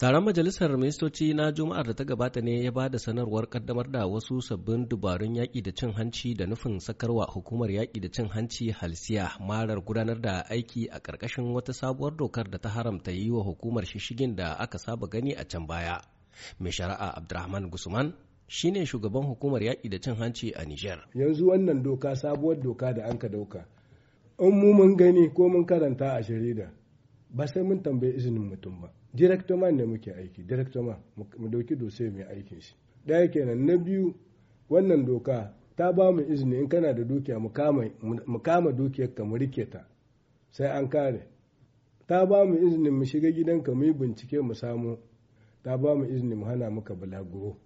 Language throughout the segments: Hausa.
Taron majalisar ministoci na Juma'ar da ta gabata ne ya ba da sanarwar kaddamar da wasu sabbin dubarun yaƙi da cin hanci da nufin sakarwa hukumar yaƙi da cin hanci halsiya marar gudanar da aiki a ƙarƙashin wata sabuwar dokar da ta haramta yi wa hukumar shishigin da aka saba gani a can baya. Mai shari'a Abdurrahman Gusman shine shugaban hukumar yaƙi da cin hanci a Nijar. Yanzu wannan doka sabuwar doka da an ka dauka. In mu mun gani ko mun karanta a jarida. ba sai mun tambayi izinin mutum ba direktoma ne muke aiki direktoma mu dauki dose mai aikin shi daya kenan na biyu wannan doka ta ba mu izini in kana da dukiya mu kama dukiyar ka mu rike ta sai an kare ta ba mu izini mu shiga gidanka mu yi bincike mu samu ta ba mu izini mu hana muka bulaguro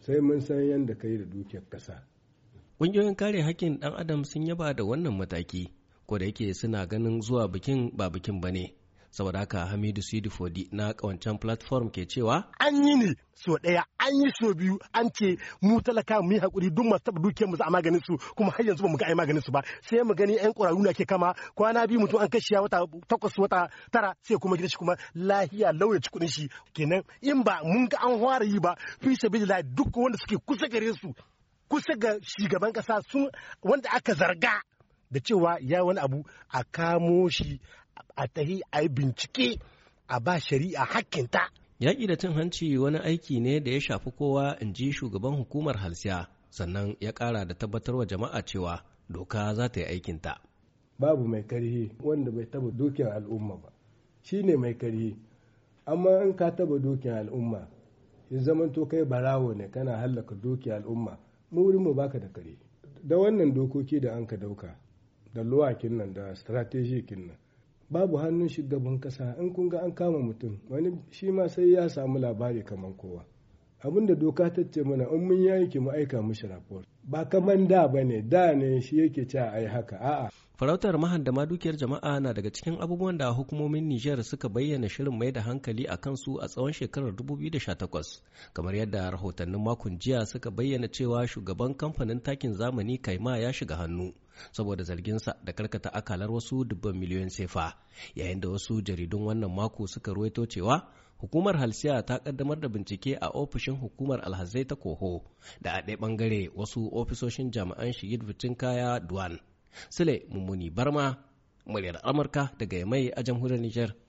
sai mun san yadda ka yi da dukiyar kasa ƙungiyoyin kare haƙƙin ɗan adam sun yaba da wannan mataki ko da yake suna ganin zuwa bikin ba bikin ba ne. saboda haka Hamidu Sidi Fodi na kawancan platform ke cewa an yi ne so ɗaya an yi so biyu an ce mu talaka mu yi hakuri duk masu taɓa dukiyar mu za a maganin su kuma har yanzu ba mu ga ai maganin su ba sai mu gani yan ƙwararru na ke kama kwana biyu mutum an kashe wata takwas wata tara sai kuma gidan shi kuma lahiya lauya ci kuɗin shi kenan in ba mun ga an fara yi ba fi sabilillah duk wanda suke kusa gare su kusa ga shugaban kasa sun wanda aka zarga da cewa ya wani abu a kamo shi a tahi a yi bincike a ba shari'a hakkinta. Yaƙi da cin hanci wani aiki ne da ya shafi kowa in ji shugaban hukumar halsiya sannan ya ƙara da tabbatarwa jama'a cewa doka za ta yi aikinta. Babu mai karhi wanda bai taba dokin al'umma ba shi ne mai karhi amma in ka taba dokin al'umma ya to kai barawo ne kana hallaka dukiyar al'umma mu wurin mu baka da kare da wannan dokoki da an ka dauka da luwa nan da strategy nan babu hannun shugaban kasa in kun ga an kama mutum wani shi ma sai ya samu labari kamar kowa abin da doka ta ce mana in mun yayi ki mu aika mishi rapport ba kaman da bane da ne shi yake ce yi haka a'a farautar mahandama dukiyar jama'a na daga cikin abubuwan da hukumomin Nijar suka bayyana shirin mai da hankali a kansu a tsawon shekarar 2018 kamar yadda rahotannin makon jiya suka bayyana cewa shugaban kamfanin takin zamani Kaima ya shiga hannu saboda zarginsa da karkata akalar wasu dubban miliyoyin sefa yayin da wasu jaridun wannan mako suka ruwaito cewa hukumar halsiya ta kaddamar da bincike a ofishin hukumar alhazai ta koho da a ɗaya ɓangare wasu ofisoshin jami'an shigid kaya duwan sule mummuni barma muryar amurka daga mai a jamhuriyar Nijar.